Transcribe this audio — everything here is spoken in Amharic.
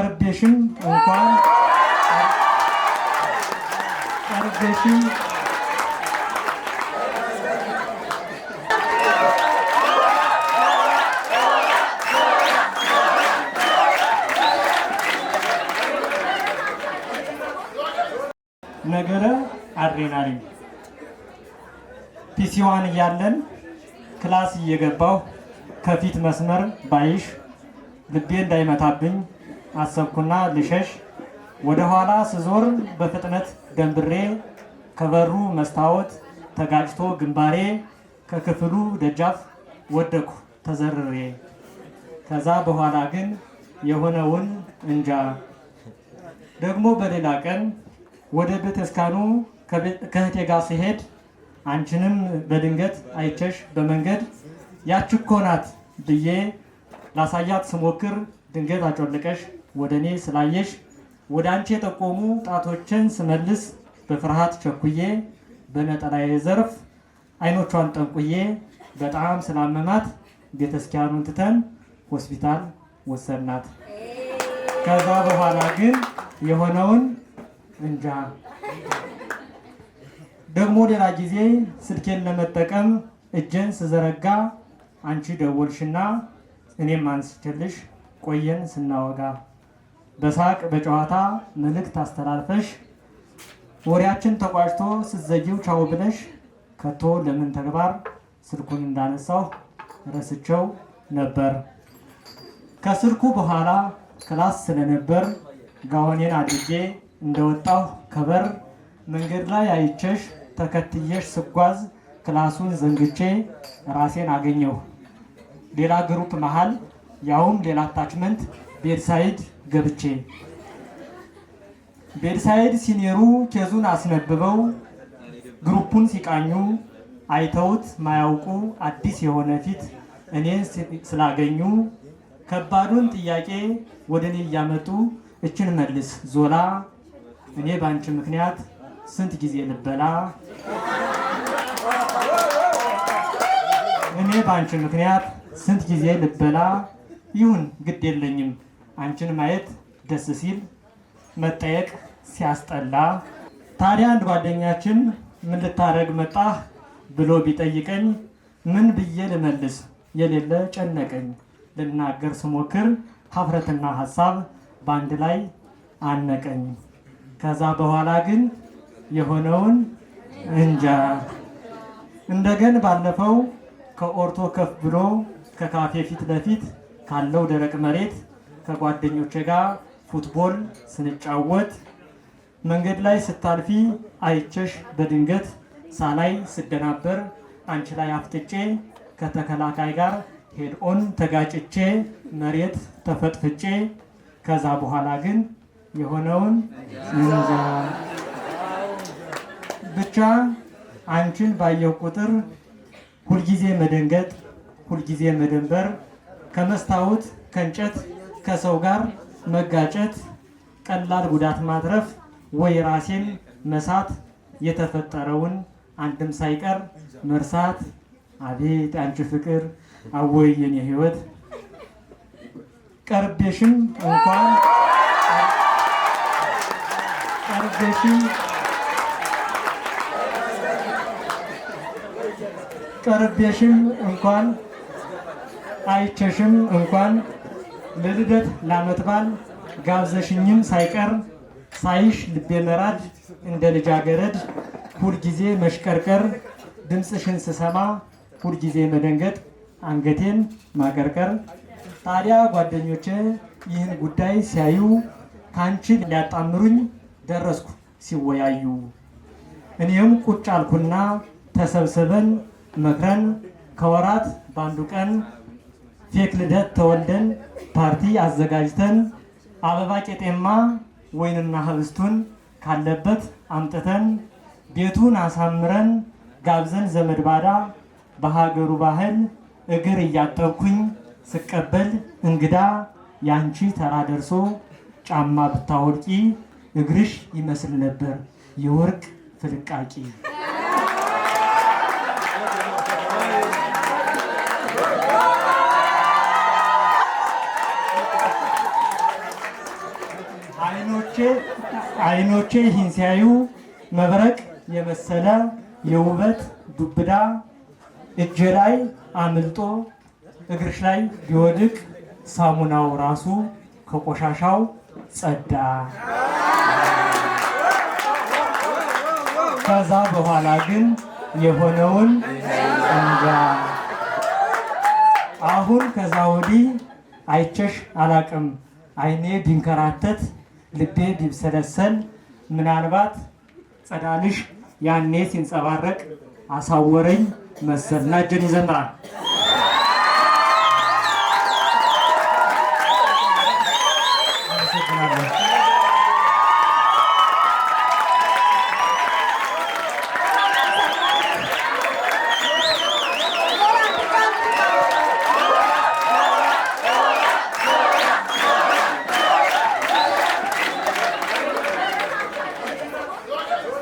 ቀርቤሽም እንኳን ቀርቤሽም ነገረ አድሬናሊን ፒሲዋን እያለን ክላስ እየገባሁ ከፊት መስመር ባይሽ ልቤ እንዳይመታብኝ አሰብኩና ልሸሽ ወደ ኋላ ስዞር በፍጥነት ደንብሬ ከበሩ መስታወት ተጋጭቶ ግንባሬ ከክፍሉ ደጃፍ ወደኩ ተዘርሬ። ከዛ በኋላ ግን የሆነውን እንጃ። ደግሞ በሌላ ቀን ወደ ቤተስካኑ ከእህቴ ጋር ሲሄድ አንቺንም በድንገት አይቸሽ በመንገድ ያችኮናት ብዬ ላሳያት ስሞክር ድንገት አጮልቀሽ ወደ እኔ ስላየሽ ወደ አንቺ የጠቆሙ ጣቶችን ስመልስ በፍርሃት ቸኩዬ በነጠላዬ ዘርፍ አይኖቿን ጠንቁዬ በጣም ስላመማት ቤተስኪያኑን ትተን ሆስፒታል ወሰናት። ከዛ በኋላ ግን የሆነውን እንጃ። ደግሞ ሌላ ጊዜ ስልኬን ለመጠቀም እጄን ስዘረጋ አንቺ ደወልሽና እኔም አንስችልሽ ቆየን ስናወጋ በሳቅ በጨዋታ መልእክት አስተላልፈሽ ወሬያችን ተቋጭቶ ስዘጊው ቻው ብለሽ ከቶ ለምን ተግባር ስልኩን እንዳነሳው ረስቸው ነበር። ከስልኩ በኋላ ክላስ ስለነበር ጋወኔን አድርጌ እንደወጣሁ ከበር መንገድ ላይ አይቸሽ ተከትየሽ ስጓዝ ክላሱን ዘንግቼ ራሴን አገኘሁ ሌላ ግሩፕ መሃል ያውም ሌላ አታችመንት ቤድሳይድ ገብቼ ቤድሳይድ ሲኒየሩ ኬዙን አስነብበው ግሩፑን ሲቃኙ አይተውት ማያውቁ አዲስ የሆነ ፊት እኔን ስላገኙ ከባዱን ጥያቄ ወደ እኔ እያመጡ እችን መልስ ዞላ እኔ በአንቺ ምክንያት ስንት ጊዜ ልበላ፣ እኔ በአንቺ ምክንያት ስንት ጊዜ ልበላ። ይሁን ግድ የለኝም አንቺን ማየት ደስ ሲል መጠየቅ ሲያስጠላ፣ ታዲያ አንድ ጓደኛችን ምን ልታደርግ መጣህ ብሎ ቢጠይቀኝ ምን ብዬ ልመልስ የሌለ ጨነቀኝ። ልናገር ስሞክር ሀፍረትና ሀሳብ በአንድ ላይ አነቀኝ። ከዛ በኋላ ግን የሆነውን እንጃ። እንደገን ባለፈው ከኦርቶ ከፍ ብሎ ከካፌ ፊት ለፊት ካለው ደረቅ መሬት ከጓደኞቼ ጋር ፉትቦል ስንጫወት መንገድ ላይ ስታልፊ አይቸሽ በድንገት ሳላይ ስደናበር አንቺ ላይ አፍጥጬ ከተከላካይ ጋር ሄድኦን ተጋጭቼ መሬት ተፈጥፍጬ ከዛ በኋላ ግን የሆነውን እንጃ ብቻ አንቺን ባየሁ ቁጥር ሁልጊዜ መደንገጥ፣ ሁልጊዜ መደንበር ከመስታወት ከእንጨት ከሰው ጋር መጋጨት፣ ቀላል ጉዳት ማትረፍ ወይ ራሴን መሳት፣ የተፈጠረውን አንድም ሳይቀር መርሳት። አቤት አንቺ ፍቅር አወይ የኔ ህይወት ቀርቤሽም እንኳን ቀርቤሽም ቀርቤሽም እንኳን አይቸሽም እንኳን ለልደት ለዓመት በዓል ጋብዘሽኝም ሳይቀር ሳይሽ ልቤ መራድ እንደ ልጃገረድ ሁልጊዜ መሽቀርቀር ድምፅሽን ስሰማ ሁልጊዜ መደንገጥ አንገቴን ማቀርቀር። ታዲያ ጓደኞች ይህን ጉዳይ ሲያዩ ከአንቺ ሊያጣምሩኝ ደረስኩ ሲወያዩ፣ እኔም ቁጭ አልኩና ተሰብስበን መክረን ከወራት በአንዱ ቀን ፌክ ልደት ተወልደን ፓርቲ አዘጋጅተን አበባ ቄጤማ ወይንና ህብስቱን ካለበት አምጥተን ቤቱን አሳምረን ጋብዘን ዘመድ ባዳ በሀገሩ ባህል እግር እያጠብኩኝ ስቀበል እንግዳ ያንቺ ተራ ደርሶ ጫማ ብታወልቂ እግርሽ ይመስል ነበር የወርቅ ፍልቃቂ አይኖቼ ይህን ሲያዩ መብረቅ የመሰለ የውበት ዱብዳ እጅ ላይ አምልጦ እግርሽ ላይ ቢወድቅ ሳሙናው ራሱ ከቆሻሻው ጸዳ። ከዛ በኋላ ግን የሆነውን እንጃ። አሁን ከዛ ወዲህ አይቸሽ አላቅም። አይኔ ቢንከራተት ልቤ ቢብሰለሰል ምናልባት ጸዳልሽ ያኔ ሲንጸባረቅ አሳወረኝ መሰልና እጅን ይዘምራል።